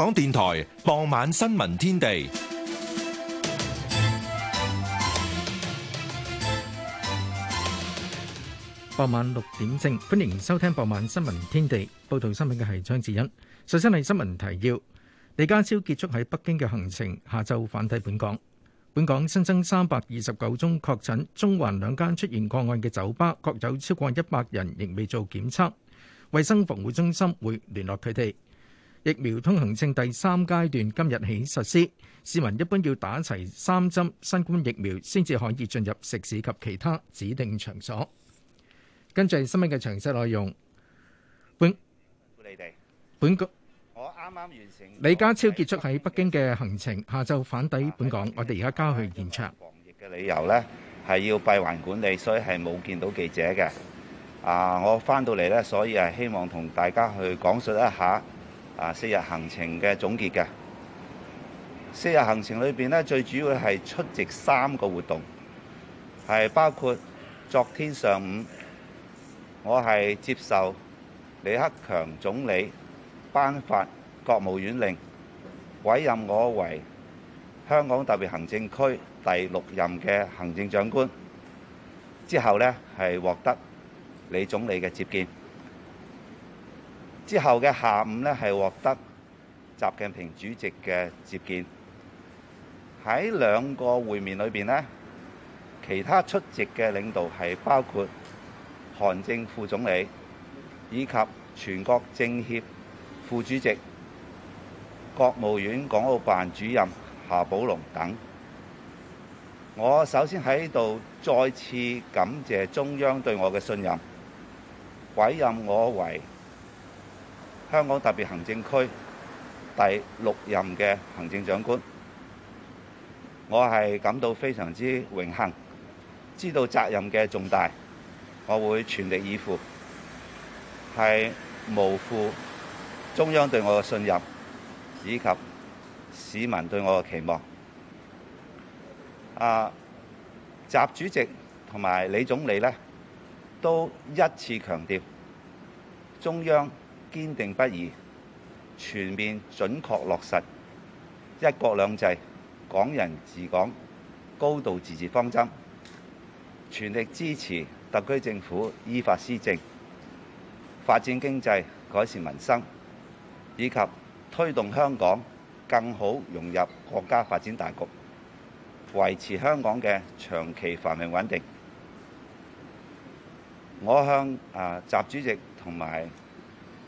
港電台傍晚新聞天地，傍晚六點正，歡迎收聽傍晚新聞天地。報道新聞嘅係張智欣。首先係新聞提要：李家超結束喺北京嘅行程，下晝返抵本港。本港新增三百二十九宗確診，中環兩間出現個案嘅酒吧各有超過一百人仍未做檢測，衛生防護中心會聯絡佢哋。疫苗通行證第三階段今日起實施，市民一般要打齊三針新冠疫苗，先至可以進入食肆及其他指定場所。跟住新聞嘅詳細內容，本你哋本局我啱啱完成李家超結束喺北京嘅行程，下晝返抵本港。我哋而家交去現場防疫嘅理由咧係要閉環管理，所以係冇見到記者嘅。啊，我翻到嚟咧，所以係希望同大家去講述一下。啊！四日行程嘅總結嘅四日行程裏邊呢，最主要係出席三個活動，係包括昨天上午，我係接受李克強總理頒發國務院令，委任我為香港特別行政區第六任嘅行政長官。之後呢，係獲得李總理嘅接見。之後嘅下午呢，係獲得習近平主席嘅接見。喺兩個會面裏邊呢，其他出席嘅領導係包括韓正副總理，以及全國政協副主席、國務院港澳辦主任夏寶龍等。我首先喺度再次感謝中央對我嘅信任，委任我為香港特別行政區第六任嘅行政長官，我係感到非常之榮幸，知道責任嘅重大，我會全力以赴，係無負中央對我嘅信任，以及市民對我嘅期望。啊，習主席同埋李總理咧，都一次強調中央。堅定不移，全面準確落實一國兩制、港人治港、高度自治方針，全力支持特區政府依法施政、發展經濟改善民生，以及推動香港更好融入國家發展大局，維持香港嘅長期繁榮穩定。我向啊習主席同埋。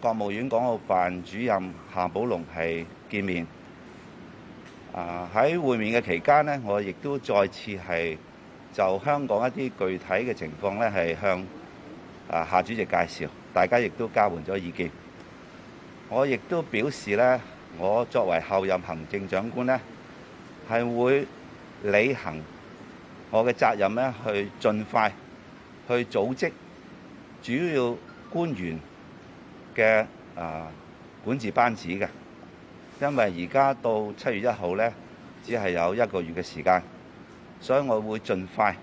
國務院港澳辦主任夏寶龍係見面。啊，喺會面嘅期間，呢我亦都再次係就香港一啲具體嘅情況，呢係向啊夏主席介紹，大家亦都交換咗意見。我亦都表示，呢我作為候任行政長官，呢係會履行我嘅責任，呢去盡快去組織主要官員。嘅啊，管治班子嘅，因為而家到七月一號咧，只係有一個月嘅時間，所以我會盡快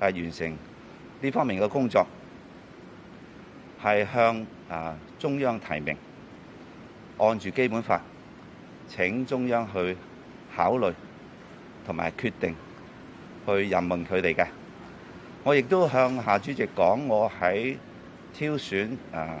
係完成呢方面嘅工作，係向啊中央提名，按住基本法請中央去考慮同埋決定去任命佢哋嘅。我亦都向夏主席講，我喺挑選。啊。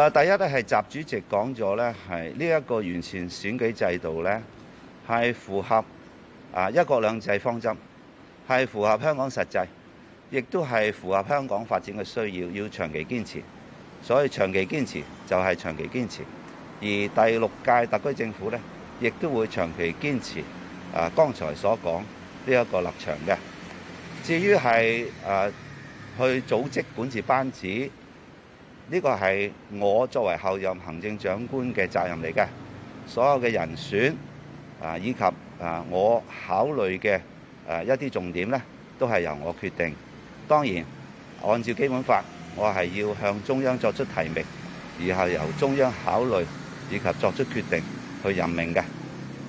誒第一咧係習主席講咗咧，係呢一個完善選舉制度咧，係符合啊一國兩制方針，係符合香港實際，亦都係符合香港發展嘅需要，要長期堅持。所以長期堅持就係長期堅持。而第六屆特區政府咧，亦都會長期堅持啊剛才所講呢一個立場嘅。至於係誒去組織管治班子。呢個係我作為候任行政長官嘅責任嚟嘅，所有嘅人選啊，以及啊，我考慮嘅誒一啲重點呢，都係由我決定。當然，按照基本法，我係要向中央作出提名，而係由中央考慮以及作出決定去任命嘅。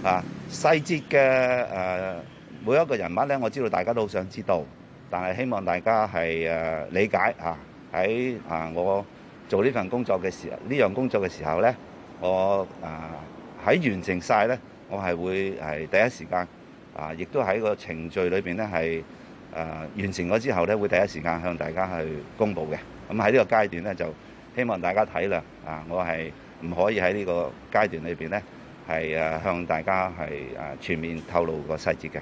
啊，細節嘅誒每一個人物呢，我知道大家都好想知道，但係希望大家係誒理解啊，喺啊我。做呢份工作嘅時候，呢樣工作嘅時候咧，我啊喺完成曬咧，我係會係第一時間啊，亦都喺個程序裏邊咧係啊完成咗之後咧，會第一時間向大家去公佈嘅。咁喺呢個階段咧，就希望大家體諒。啊，我係唔可以喺呢個階段裏邊咧係啊向大家係啊全面透露個細節嘅。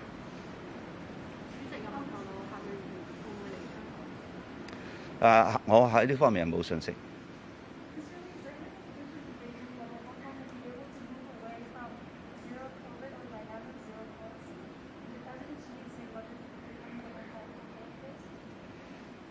啊，我喺呢方面係冇信息。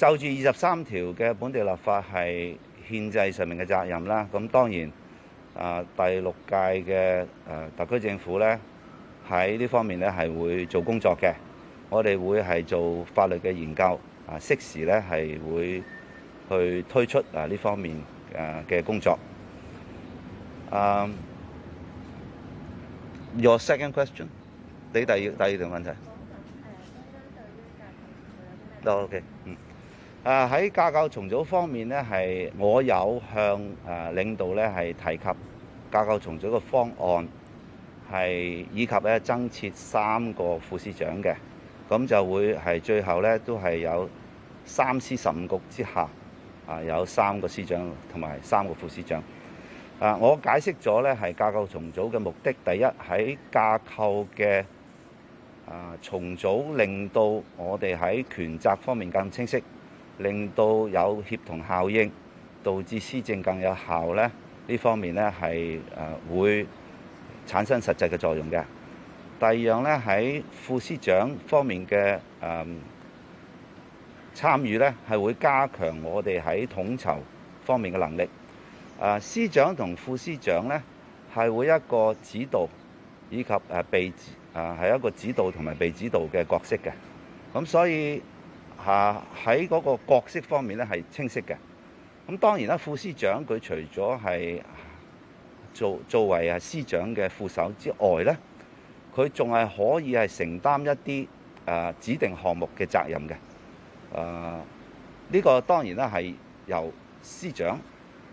就住二十三條嘅本地立法係憲制上面嘅責任啦。咁當然，啊第六屆嘅誒特區政府咧喺呢方面咧係會做工作嘅。我哋會係做法律嘅研究，啊適時咧係會去推出啊呢方面誒嘅工作。啊，Your second question，你第二第二條問題。都 OK，嗯。啊！喺架構重組方面咧，係我有向啊領導咧係提及架構重組嘅方案，係以及咧增設三個副司長嘅，咁就會係最後咧都係有三司十五局之下啊，有三個司長同埋三個副司長。啊，我解釋咗咧係架構重組嘅目的，第一喺架構嘅啊重組，令到我哋喺權責方面更清晰。令到有協同效應，導致施政更有效咧。呢方面咧係誒會產生實際嘅作用嘅。第二樣咧喺副司長方面嘅誒參與咧，係、呃、會加強我哋喺統籌方面嘅能力。誒、呃、司長同副司長咧係會一個指導以及誒被誒係、呃、一個指導同埋被指導嘅角色嘅。咁所以。啊！喺嗰個角色方面咧，係清晰嘅。咁當然啦，副司長佢除咗係做作為啊司長嘅副手之外咧，佢仲係可以係承擔一啲啊、呃、指定項目嘅責任嘅。啊、呃，呢、呢個當然咧係由司長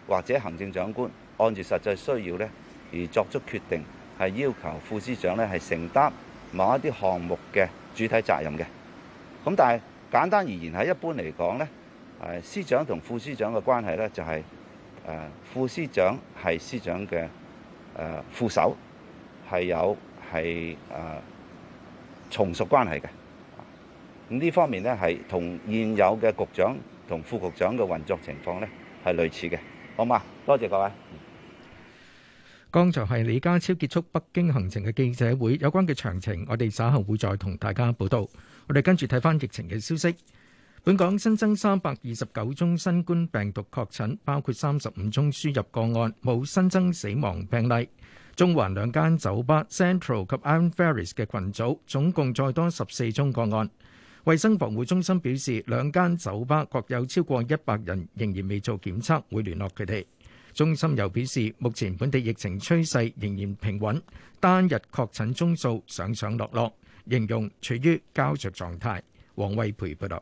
或者行政長官按住實際需要咧而作出決定，係要求副司長咧係承擔某一啲項目嘅主體責任嘅。咁但係。簡單而言，喺一般嚟講呢，誒司長同副司長嘅關係呢，就係誒副司長係司長嘅誒副手，係有係誒從屬關係嘅。咁呢方面呢，係同現有嘅局長同副局長嘅運作情況呢，係類似嘅。好嗎？多謝各位。剛才係李家超結束北京行程嘅記者會，有關嘅詳情，我哋稍後會再同大家報道。我哋跟住睇翻疫情嘅消息。本港新增三百二十九宗新冠病毒確診，包括三十五宗輸入個案，冇新增死亡病例。中環兩間酒吧 Central 及 Iron Ferris 嘅群組，總共再多十四宗個案。衛生防護中心表示，兩間酒吧各有超過一百人仍然未做檢測，會聯絡佢哋。中心又表示，目前本地疫情趨勢仍然平穩，單日確診宗數上上落落。形容處於膠着狀態。王威培報道，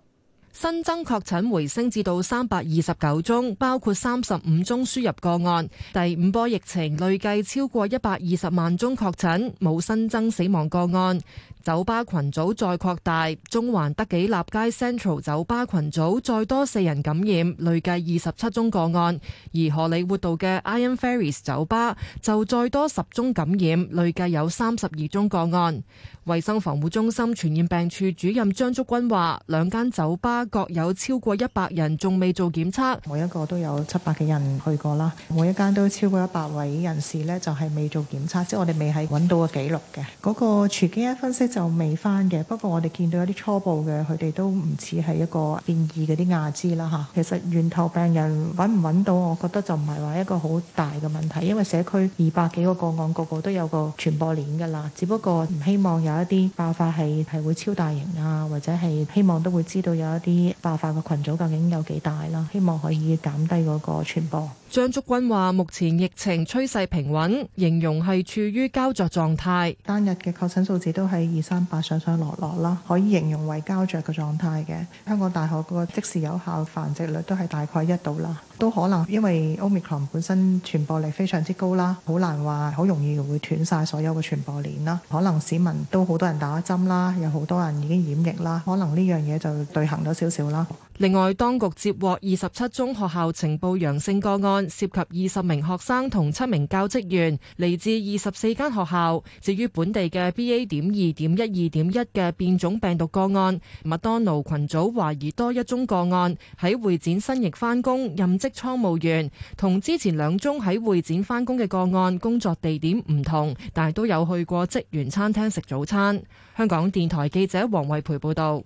新增確診回升至到三百二十九宗，包括三十五宗輸入個案。第五波疫情累計超過一百二十萬宗確診，冇新增死亡個案。酒吧群組再擴大，中環德己立街 Central 酒吧群組再多四人感染，累計二十七宗個案；而荷里活道嘅 Iron Fairies 酒吧就再多十宗感染，累計有三十二宗個案。衛生防護中心傳染病處主任張竹君話，兩間酒吧各有超過一百人仲未做檢測，每一個都有七百幾人去過啦，每一間都超過一百位人士呢，就係未做檢測，即係我哋未係搵到個記錄嘅。嗰個數據咧分析。就未翻嘅，不過我哋見到有啲初步嘅，佢哋都唔似係一個變異嗰啲亞支啦嚇。其實源頭病人揾唔揾到，我覺得就唔係話一個好大嘅問題，因為社區二百幾個個案，個個都有個傳播鏈㗎啦。只不過唔希望有一啲爆發係係會超大型啊，或者係希望都會知道有一啲爆發嘅群組究竟有幾大啦。希望可以減低嗰個傳播。張竹君話：目前疫情趨勢平穩，形容係處於膠着狀態。單日嘅確診數字都係二。三八上上落落啦，可以形容為膠着嘅狀態嘅。香港大學嗰個即時有效繁殖率都係大概一度啦。都可能因為 Omicron 本身傳播力非常之高啦，好難話好容易會斷晒所有嘅傳播鏈啦。可能市民都好多人打針啦，有好多人已經染疫啦，可能呢樣嘢就對行咗少少啦。另外，當局接獲二十七宗學校呈報陽性個案，涉及二十名學生同七名教職員，嚟自二十四間學校。至於本地嘅 BA. 點二點一二點一嘅變種病毒個案，麥當勞群組懷疑多一宗個案喺會展新翼翻工任的倉務員同之前兩宗喺會展翻工嘅個案工作地點唔同，但係都有去過職員餐廳食早餐。香港電台記者黃慧培報道。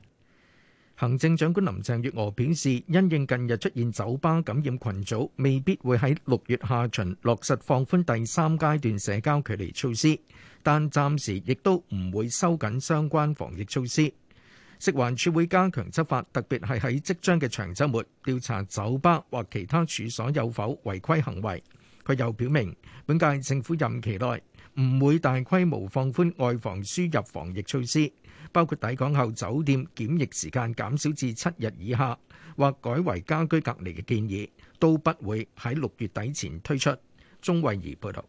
行政長官林鄭月娥表示，因應近日出現酒吧感染群組，未必會喺六月下旬落實放寬第三階段社交距離措施，但暫時亦都唔會收緊相關防疫措施。食環署會加強執法，特別係喺即將嘅長週末，調查酒吧或其他處所有否違規行為。佢又表明，本屆政府任期內唔會大規模放寬外防輸入防疫措施，包括抵港後酒店檢疫時間減少至七日以下，或改為家居隔離嘅建議，都不會喺六月底前推出。鍾慧儀報道。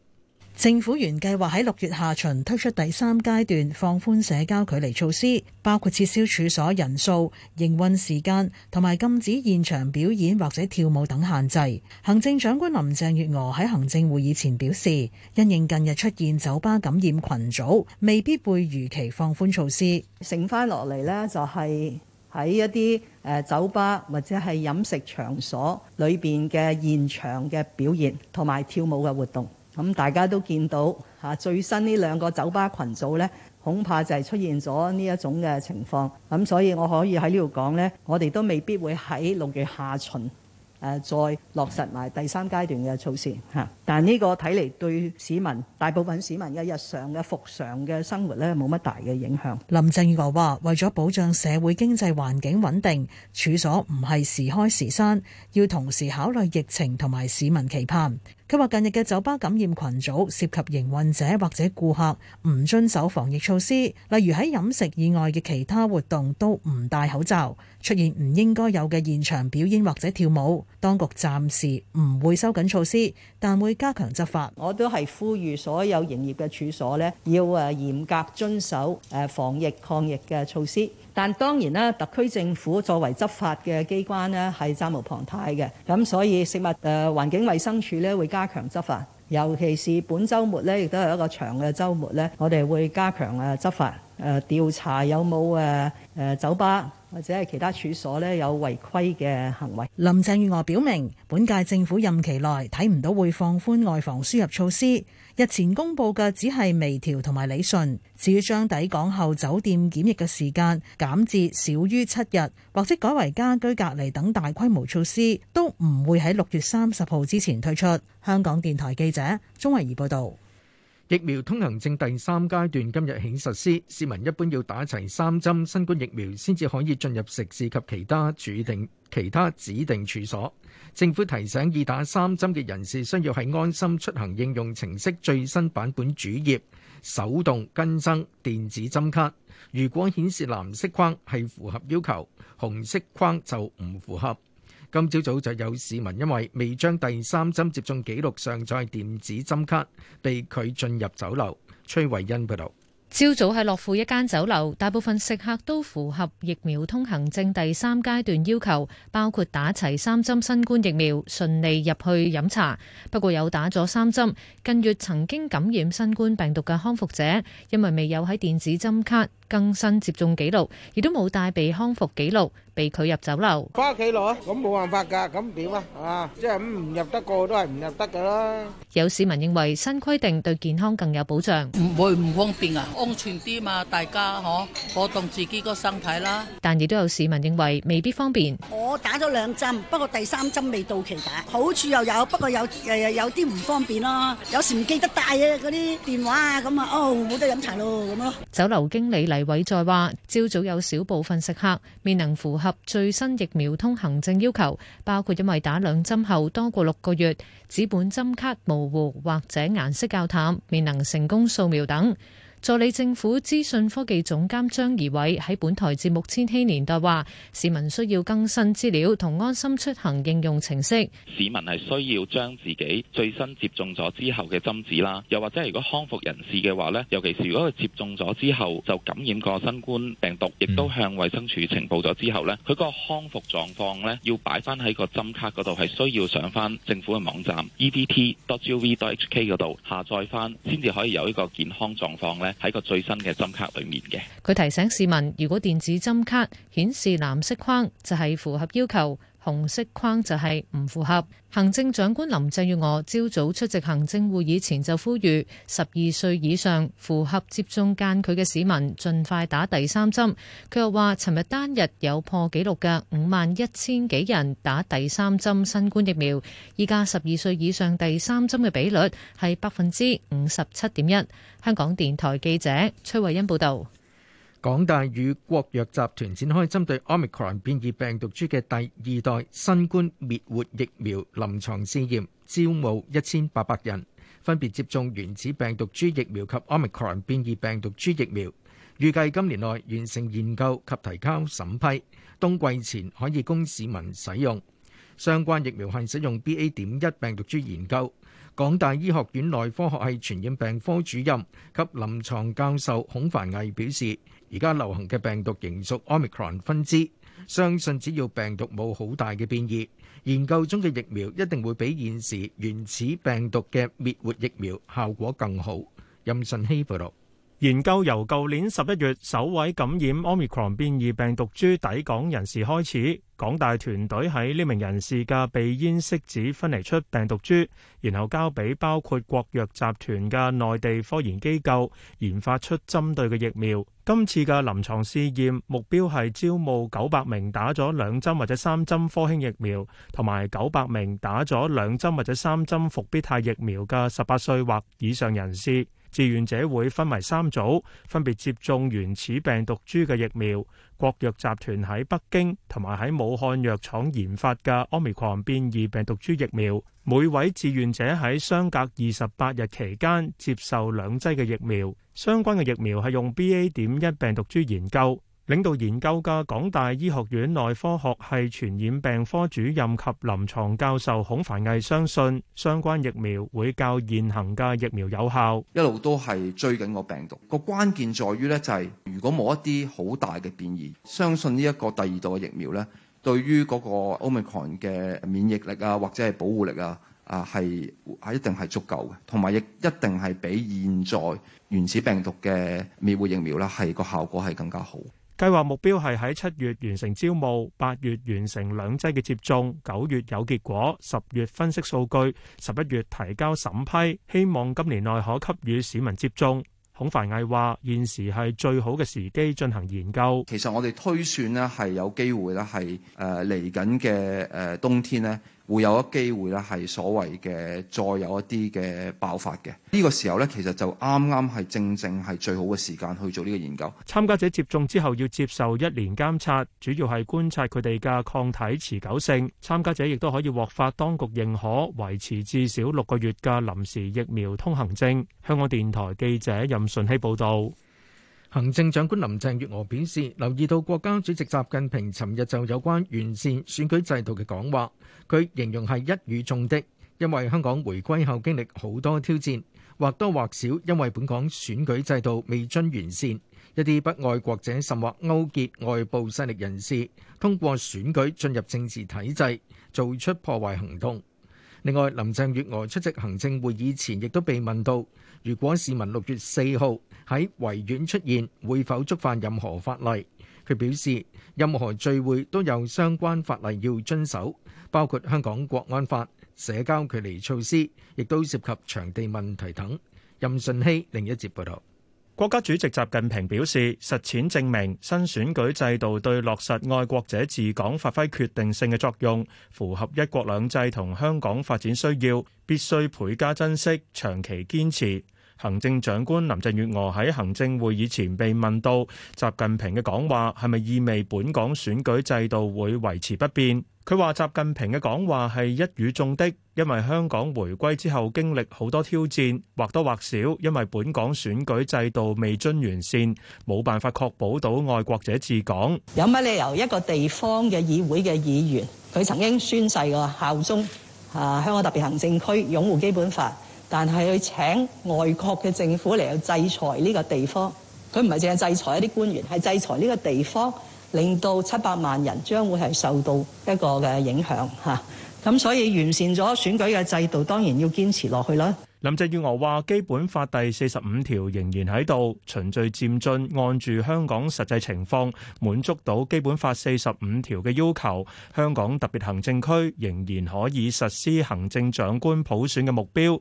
政府原計劃喺六月下旬推出第三階段放寬社交距離措施，包括撤銷處所人數、營運時間同埋禁止現場表演或者跳舞等限制。行政長官林鄭月娥喺行政會議前表示，因應近日出現酒吧感染群組，未必會如期放寬措施。剩翻落嚟咧，就係，喺一啲誒酒吧或者係飲食場所裏邊嘅現場嘅表現同埋跳舞嘅活動。咁大家都見到嚇，最新呢兩個酒吧群組呢，恐怕就係出現咗呢一種嘅情況。咁所以我可以喺呢度講呢，我哋都未必會喺六月下旬誒再落實埋第三階段嘅措施嚇。但呢個睇嚟對市民，大部分市民嘅日常嘅復常嘅生活呢，冇乜大嘅影響。林鄭月娥話：為咗保障社會經濟環境穩定，處所唔係時開時閂，要同時考慮疫情同埋市民期盼。佢話：近日嘅酒吧感染群組涉及營運者或者顧客唔遵守防疫措施，例如喺飲食以外嘅其他活動都唔戴口罩，出現唔應該有嘅現場表演或者跳舞。當局暫時唔會收緊措施，但會加強執法。我都係呼籲所有營業嘅處所咧，要誒嚴格遵守誒防疫抗疫嘅措施。但當然啦，特區政府作為執法嘅機關咧，係責無旁貸嘅。咁所以食物誒、呃、環境衞生署咧會加強執法，尤其是本週末咧亦都係一個長嘅週末咧，我哋會加強誒執法誒調查，有冇誒誒酒吧或者係其他處所咧有違規嘅行為。林鄭月娥表明，本屆政府任期內睇唔到會放寬外防輸入措施。日前公布嘅只係微調同埋理順，至於將抵港後酒店檢疫嘅時間減至少於七日，或者改為家居隔離等大規模措施，都唔會喺六月三十號之前推出。香港電台記者鍾慧儀報道。疫苗通行證第三階段今日起實施，市民一般要打齊三針新冠疫苗先至可以進入食肆及其他指定其他指定處所。政府提醒已打三針嘅人士，需要喺安心出行應用程式最新版本主頁，手動更新電子針卡。如果顯示藍色框係符合要求，紅色框就唔符合。今朝早就有市民因為未將第三針接種記錄上載電子針卡，被拒進入酒樓。崔慧欣報道，朝早喺樂富一間酒樓，大部分食客都符合疫苗通行證第三階段要求，包括打齊三針新冠疫苗，順利入去飲茶。不過有打咗三針，近月曾經感染新冠病毒嘅康復者，因為未有喺電子針卡更新接種記錄，亦都冇帶備康復記錄。被拒入酒樓。翻屋企攞，咁冇辦法噶，咁點啊？啊，即係唔入得過都係唔入得噶啦。有市民認為新規定對健康更有保障，唔會唔方便啊，安全啲嘛，大家可保重自己個身體啦。但亦都有市民認為未必方便。我打咗兩針，不過第三針未到期打。好處又有，不過有誒有啲唔方便咯。有時唔記得帶啊嗰啲電話啊咁啊，哦冇得飲茶咯咁咯。酒樓經理黎偉再話，朝早有小部分食客未能符合最新疫苗通行證要求，包括因為打兩針後多過六個月，紙本針卡模糊或者顏色較淡，未能成功掃描等。助理政府資訊科技總監張怡偉喺本台節目《千禧年代》話：市民需要更新資料同安心出行應用程式。市民係需要將自己最新接種咗之後嘅針紙啦，又或者如果康復人士嘅話呢，尤其是如果佢接種咗之後就感染過新冠病毒，亦都向衞生署呈報咗之後呢，佢個康復狀況呢，要擺翻喺個針卡嗰度，係需要上翻政府嘅網站 edt.gov.hk 嗰度下載翻，先至可以有呢個健康狀況呢。喺個最新嘅針卡裏面嘅，佢提醒市民，如果電子針卡顯示藍色框，就係符合要求。紅色框就係唔符合。行政長官林鄭月娥朝早出席行政會議前就呼籲，十二歲以上符合接種間距嘅市民盡快打第三針。佢又話，尋日單日有破紀錄嘅五萬一千幾人打第三針新冠疫苗，依家十二歲以上第三針嘅比率係百分之五十七點一。香港電台記者崔慧恩報道。港大與國藥集團展開針對 Omicron 變異病毒株嘅第二代新冠滅活疫苗臨床試驗，招募一千八百人，分別接種原始病毒株疫苗及 Omicron 變異病毒株疫苗，預計今年內完成研究及提交審批，冬季前可以供市民使用。相關疫苗係使用 BA.1 病毒株研究。港大醫學院內科學系傳染病科主任及臨牀教授孔凡毅表示。而家流行嘅病毒仍屬 Omicron 分支，相信只要病毒冇好大嘅變異，研究中嘅疫苗一定會比現時原始病毒嘅滅活疫苗效果更好。任信希報道。研究由舊年十一月首位感染 omicron 變異病毒株抵港人士開始，港大團隊喺呢名人士嘅鼻咽拭子分離出病毒株，然後交俾包括國藥集團嘅內地科研機構，研發出針對嘅疫苗。今次嘅臨床試驗目標係招募九百名打咗兩針或者三針科興疫苗，同埋九百名打咗兩針或者三針復必泰疫苗嘅十八歲或以上人士。志願者會分為三組，分別接種原始病毒株嘅疫苗、國藥集團喺北京同埋喺武漢藥廠研發嘅奧密克戎變異病毒株疫苗。每位志願者喺相隔二十八日期間接受兩劑嘅疫苗。相關嘅疫苗係用 BA 點一病毒株研究。領導研究嘅港大醫學院內科學系傳染病科主任及臨床教授孔凡毅相信，相關疫苗會較現行嘅疫苗有效。一路都係追緊個病毒個關鍵，在於咧就係如果冇一啲好大嘅變異，相信呢一個第二度嘅疫苗咧，對於嗰個 Omicron 嘅免疫力啊，或者係保護力啊，啊係係一定係足夠嘅，同埋亦一定係比現在原始病毒嘅滅活疫苗咧係個效果係更加好。計劃目標係喺七月完成招募，八月完成兩劑嘅接種，九月有結果，十月分析數據，十一月提交審批，希望今年內可給予市民接種。孔繁毅話：現時係最好嘅時機進行研究。其實我哋推算呢係有機會呢係誒嚟緊嘅誒冬天呢。會有一機會咧，係所謂嘅再有一啲嘅爆發嘅呢個時候呢，其實就啱啱係正正係最好嘅時間去做呢個研究。參加者接種之後要接受一年監測，主要係觀察佢哋嘅抗體持久性。參加者亦都可以獲發當局認可維持至少六個月嘅臨時疫苗通行證。香港電台記者任順熙報導。行政長官林鄭月娥表示，留意到國家主席習近平尋日就有關完善選舉制度嘅講話，佢形容係一語中的，因為香港回歸後經歷好多挑戰，或多或少因為本港選舉制度未臻完善，一啲不愛國者甚或勾結外部勢力人士，通過選舉進入政治體制，做出破壞行動。另外，林鄭月娥出席行政會議前，亦都被問到，如果市民六月四號喺維園出現，會否觸犯任何法例？佢表示，任何聚會都有相關法例要遵守，包括香港國安法、社交距離措施，亦都涉及場地問題等。任順希另一節報道。國家主席習近平表示，實踐證明新選舉制度對落實愛國者治港發揮決定性嘅作用，符合一國兩制同香港發展需要，必須倍加珍惜，長期堅持。行政長官林鄭月娥喺行政會議前被問到習近平嘅講話係咪意味本港選舉制度會維持不變？佢話習近平嘅講話係一語中的，因為香港回歸之後經歷好多挑戰，或多或少，因為本港選舉制度未臻完善，冇辦法確保到外國者治港。有乜理由一個地方嘅議會嘅議員，佢曾經宣誓過效忠啊香港特別行政區，擁護基本法。但係去請外國嘅政府嚟去制裁呢個地方，佢唔係淨係制裁一啲官員，係制裁呢個地方，令到七百萬人將會係受到一個嘅影響嚇。咁、啊、所以完善咗選舉嘅制度，當然要堅持落去啦。林鄭月娥話：基本法第四十五條仍然喺度，循序漸進，按住香港實際情況，滿足到基本法四十五條嘅要求，香港特別行政區仍然可以實施行政長官普選嘅目標。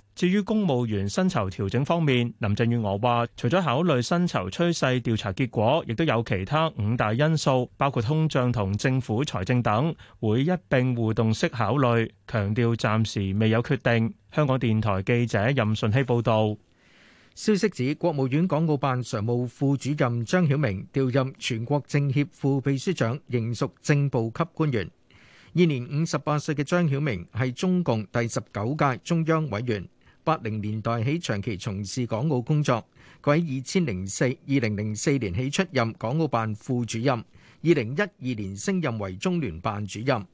至於公務員薪酬調整方面，林鄭月娥話，除咗考慮薪酬趨勢調查結果，亦都有其他五大因素，包括通脹同政府財政等，會一並互動式考慮。強調暫時未有決定。香港電台記者任順希報導。消息指，國務院港澳辦常務副主任張曉明調任全國政協副秘書長，仍屬正部級官員。現年五十八歲嘅張曉明係中共第十九屆中央委員。八零年代起長期從事港澳工作，佢喺二千零四二零零四年起出任港澳辦副主任，二零一二年升任為中聯辦主任。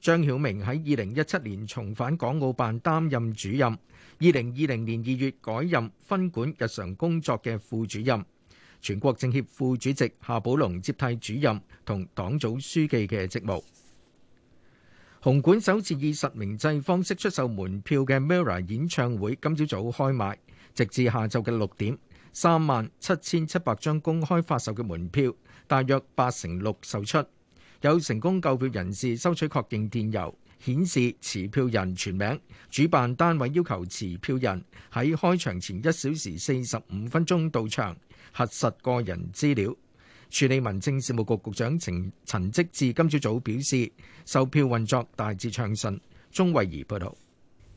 張曉明喺二零一七年重返港澳辦擔任主任，二零二零年二月改任分管日常工作嘅副主任。全國政協副主席夏寶龍接替主任同黨組書記嘅職務。紅館首次以實名制方式出售門票嘅 MIRROR 演唱會今朝早，早開賣，直至下晝嘅六點，三萬七千七百張公開發售嘅門票，大約八成六售出。有成功購票人士收取確認電郵顯示持票人全名。主辦單位要求持票人喺開場前一小時四十五分鐘到場核實個人資料。處理民政事務局局長程陳積志今朝早表示，售票運作大致暢順。鐘慧儀報道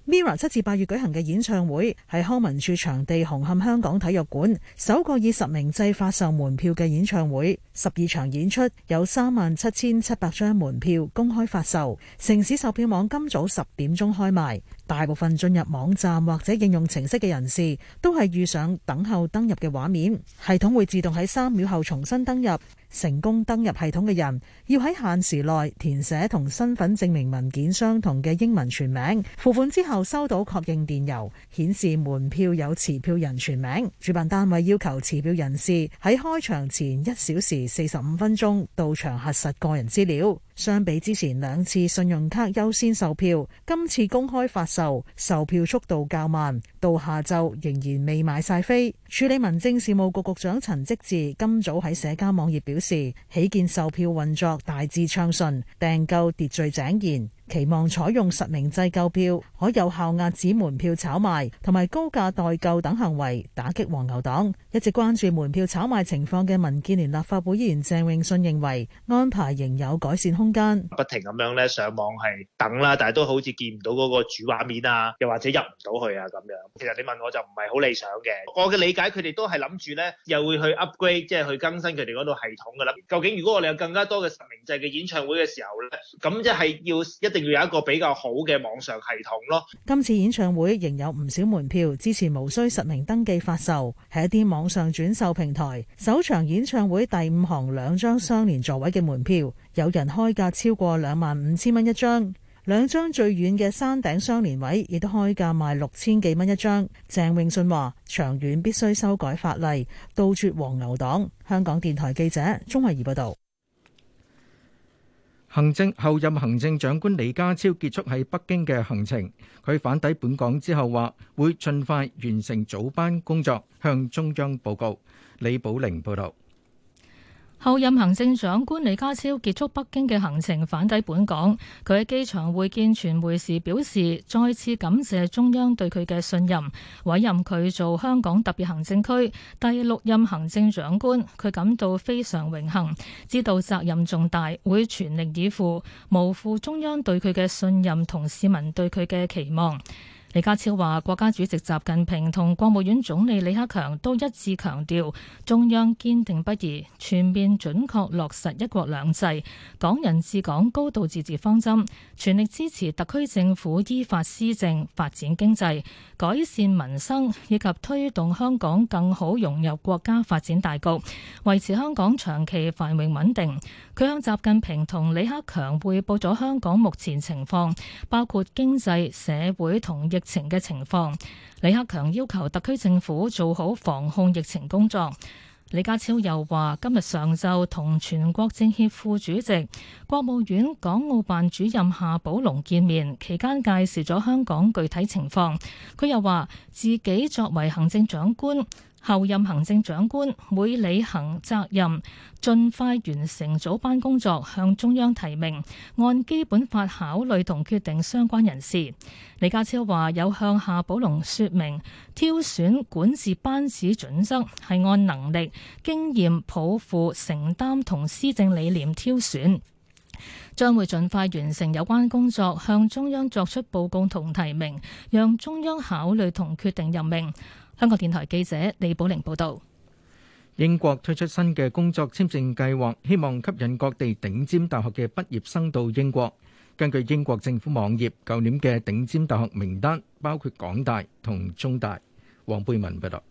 ，Mirror 七至八月舉行嘅演唱會係康文署場地紅磡香港體育館首個以實名制發售門票嘅演唱會。十二場演出有三萬七千七百張門票公開發售，城市售票網今早十點鐘開賣。大部分進入網站或者應用程式嘅人士，都係遇上等候登入嘅畫面。系統會自動喺三秒後重新登入。成功登入系統嘅人，要喺限時內填寫同身份證明文件相同嘅英文全名。付款之後收到確認電郵，顯示門票有持票人全名。主辦單位要求持票人士喺開場前一小時四十五分鐘到場核實個人資料。相比之前兩次信用卡優先售票，今次公開發售售票速度較慢，到下晝仍然未買晒飛。處理民政事務局局長陳積志今早喺社交網頁表示，喜見售票運作大致暢順，訂購秩序井然。期望採用實名制購票，可有效壓止門票炒賣同埋高價代購等行為，打擊黃牛黨。一直關注門票炒賣情況嘅民建聯立法會議員鄭泳舜認為安排仍有改善空間。不停咁樣咧，上網係等啦，但係都好似見唔到嗰個主畫面啊，又或者入唔到去啊咁樣。其實你問我就唔係好理想嘅。我嘅理解佢哋都係諗住咧，又會去 upgrade，即係去更新佢哋嗰度系統嘅啦。究竟如果我哋有更加多嘅實名制嘅演唱會嘅時候咧，咁即係要一定。要有一個比較好嘅網上系統咯。今次演唱會仍有唔少門票，支持，無需實名登記發售，喺一啲網上轉售平台。首場演唱會第五行兩張雙連座位嘅門票，有人開價超過兩萬五千蚊一張。兩張最遠嘅山頂雙連位亦都開價賣六千幾蚊一張。鄭永信話：長遠必須修改法例，杜絕黃牛黨。香港電台記者鍾慧儀報道。行政候任行政長官李家超結束喺北京嘅行程，佢返抵本港之後話會盡快完成組班工作，向中央報告。李寶玲報道。候任行政長官李家超結束北京嘅行程返抵本港，佢喺機場會見傳媒時表示，再次感謝中央對佢嘅信任，委任佢做香港特別行政區第六任行政長官，佢感到非常榮幸，知道責任重大，會全力以赴，無負中央對佢嘅信任同市民對佢嘅期望。李家超話：國家主席習近平同國務院總理李克強都一致強調，中央堅定不移、全面準確落實一國兩制、港人治港、高度自治方針，全力支持特區政府依法施政、發展經濟、改善民生，以及推動香港更好融入國家發展大局，維持香港長期繁榮穩定。佢向習近平同李克強匯報咗香港目前情況，包括經濟、社會同。疫情嘅情況，李克強要求特區政府做好防控疫情工作。李家超又話今日上晝同全國政協副主席、國務院港澳辦主任夏寶龍見面，期間介紹咗香港具體情況。佢又話自己作為行政長官。候任行政長官會履行責任，盡快完成組班工作，向中央提名，按基本法考慮同決定相關人事。李家超話有向夏寶龍說明，挑選管治班子準則係按能力、經驗、抱負、承擔同施政理念挑選，將會盡快完成有關工作，向中央作出報告同提名，讓中央考慮同決定任命。香港電台記者李寶玲報道：英國推出新嘅工作簽證計劃，希望吸引各地頂尖大學嘅畢業生到英國。根據英國政府網頁，舊年嘅頂尖大學名單包括港大同中大。黃貝文報道。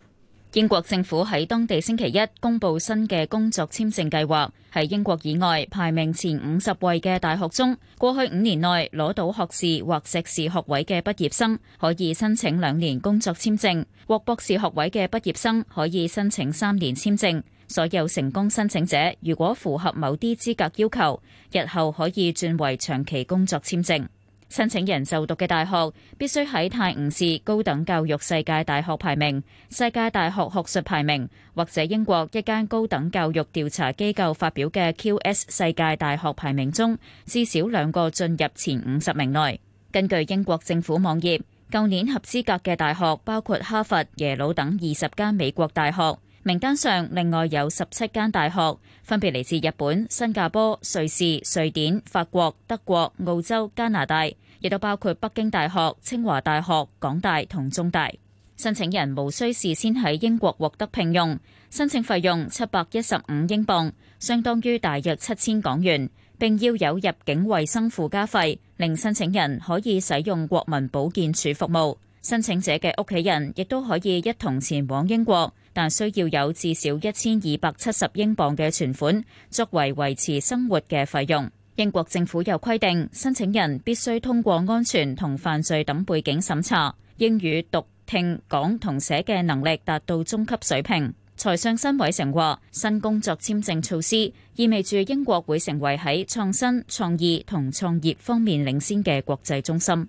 英國政府喺當地星期一公佈新嘅工作簽證計劃，喺英國以外排名前五十位嘅大學中，過去五年內攞到學士或碩士學位嘅畢業生可以申請兩年工作簽證，獲博士學位嘅畢業生可以申請三年簽證。所有成功申請者如果符合某啲資格要求，日後可以轉為長期工作簽證。申請人就讀嘅大學必須喺泰晤士高等教育世界大學排名、世界大學學術排名或者英國一間高等教育調查機構發表嘅 QS 世界大學排名中，至少兩個進入前五十名內。根據英國政府網頁，舊年合資格嘅大學包括哈佛、耶魯等二十間美國大學。名單上另外有十七間大學，分別嚟自日本、新加坡、瑞士、瑞典、法國、德國、澳洲、加拿大，亦都包括北京大學、清華大學、港大同中大。申請人無需事先喺英國獲得聘用，申請費用七百一十五英鎊，相當於大約七千港元，並要有入境衛生附加費，令申請人可以使用國民保健署服務。申請者嘅屋企人亦都可以一同前往英國。但需要有至少一千二百七十英鎊嘅存款，作為維持生活嘅費用。英國政府又規定，申請人必須通過安全同犯罪等背景審查，英語讀聽講同寫嘅能力達到中級水平。財相辛偉誠話，新工作簽證措施意味住英國會成為喺創新、創意同創業方面領先嘅國際中心。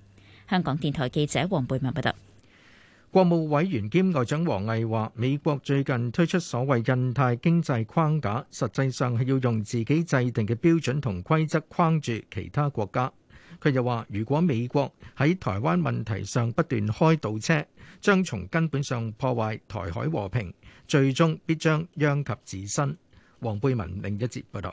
香港電台記者黃貝文報道。國務委員兼外長王毅話，美國最近推出所謂印太經濟框架，實際上係要用自己制定嘅標準同規則框住其他國家。佢又話，如果美國喺台灣問題上不斷開倒車，將從根本上破壞台海和平，最終必將殃及自身。王貝文另一節報道。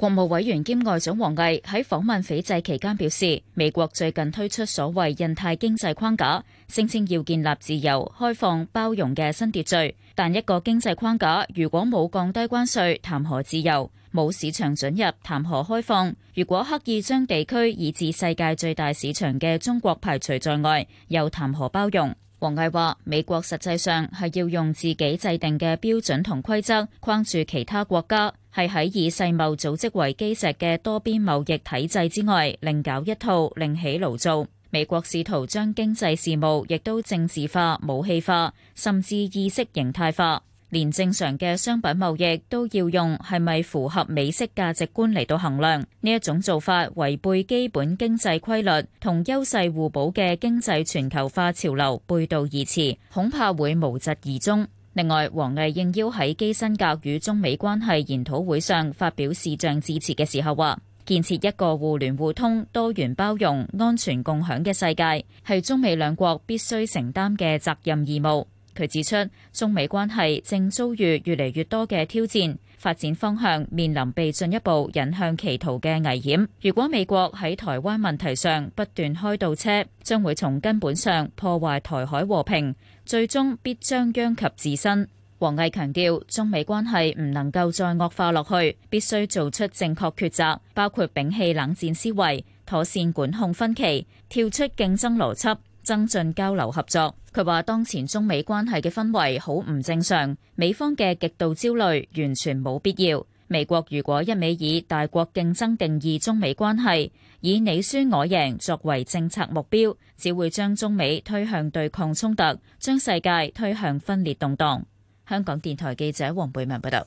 國務委員兼外長王毅喺訪問斐濟期間表示，美國最近推出所謂印太經濟框架，聲稱要建立自由、開放、包容嘅新秩序。但一個經濟框架如果冇降低關稅，談何自由？冇市場准入，談何開放？如果刻意將地區以至世界最大市場嘅中國排除在外，又談何包容？王毅話：美國實際上係要用自己制定嘅標準同規則框住其他國家，係喺以世貿組織為基石嘅多邊貿易體制之外，另搞一套，另起爐灶。美國試圖將經濟事務亦都政治化、武器化，甚至意識形態化。連正常嘅商品貿易都要用係咪符合美式價值觀嚟到衡量呢一種做法，違背基本經濟規律，同優勢互補嘅經濟全球化潮流背道而馳，恐怕會無疾而終。另外，王毅應邀喺基辛格與中美關係研討會上發表視像致辭嘅時候話，建設一個互聯互通、多元包容、安全共享嘅世界，係中美兩國必須承擔嘅責任義務。佢指出，中美關係正遭遇越嚟越多嘅挑戰，發展方向面臨被進一步引向歧途嘅危險。如果美國喺台灣問題上不斷開倒車，將會從根本上破壞台海和平，最終必將殃及自身。王毅強調，中美關係唔能夠再惡化落去，必須做出正確抉擇，包括摒棄冷戰思維，妥善管控分歧，跳出競爭邏輯。增進交流合作。佢話：當前中美關係嘅氛圍好唔正常，美方嘅極度焦慮完全冇必要。美國如果一味以大國競爭定義中美關係，以你輸我贏作為政策目標，只會將中美推向對抗衝突，將世界推向分裂動盪。香港電台記者黃貝文報道。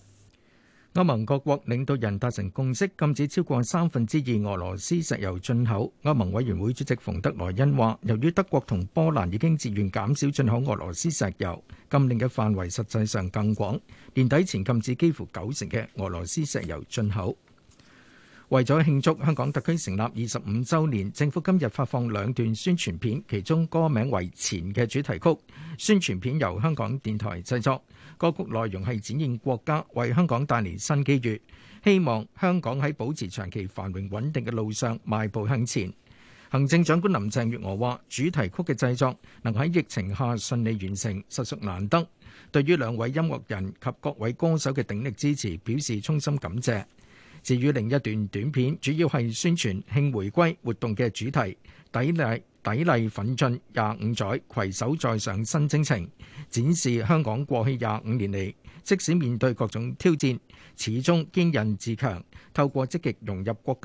歐盟各國領導人達成共識，禁止超過三分之二俄羅斯石油進口。歐盟委員會主席馮德萊恩話，由於德國同波蘭已經自願減少進口俄羅斯石油，禁令嘅範圍實際上更廣，年底前禁止幾乎九成嘅俄羅斯石油進口。為咗慶祝香港特區成立二十五週年，政府今日發放兩段宣傳片，其中歌名為《前》嘅主題曲。宣傳片由香港電台製作，歌曲內容係展現國家為香港帶嚟新機遇，希望香港喺保持長期繁榮穩定嘅路上邁步向前。行政長官林鄭月娥話：主題曲嘅製作能喺疫情下順利完成，實屬難得。對於兩位音樂人及各位歌手嘅鼎力支持，表示衷心感謝。至於另一段短片，主要係宣傳慶回歸活動嘅主題，砥礪砥礪奮進廿五載，攜手再上新征程，展示香港過去廿五年嚟，即使面對各種挑戰，始終堅韌自強，透過積極融入國家。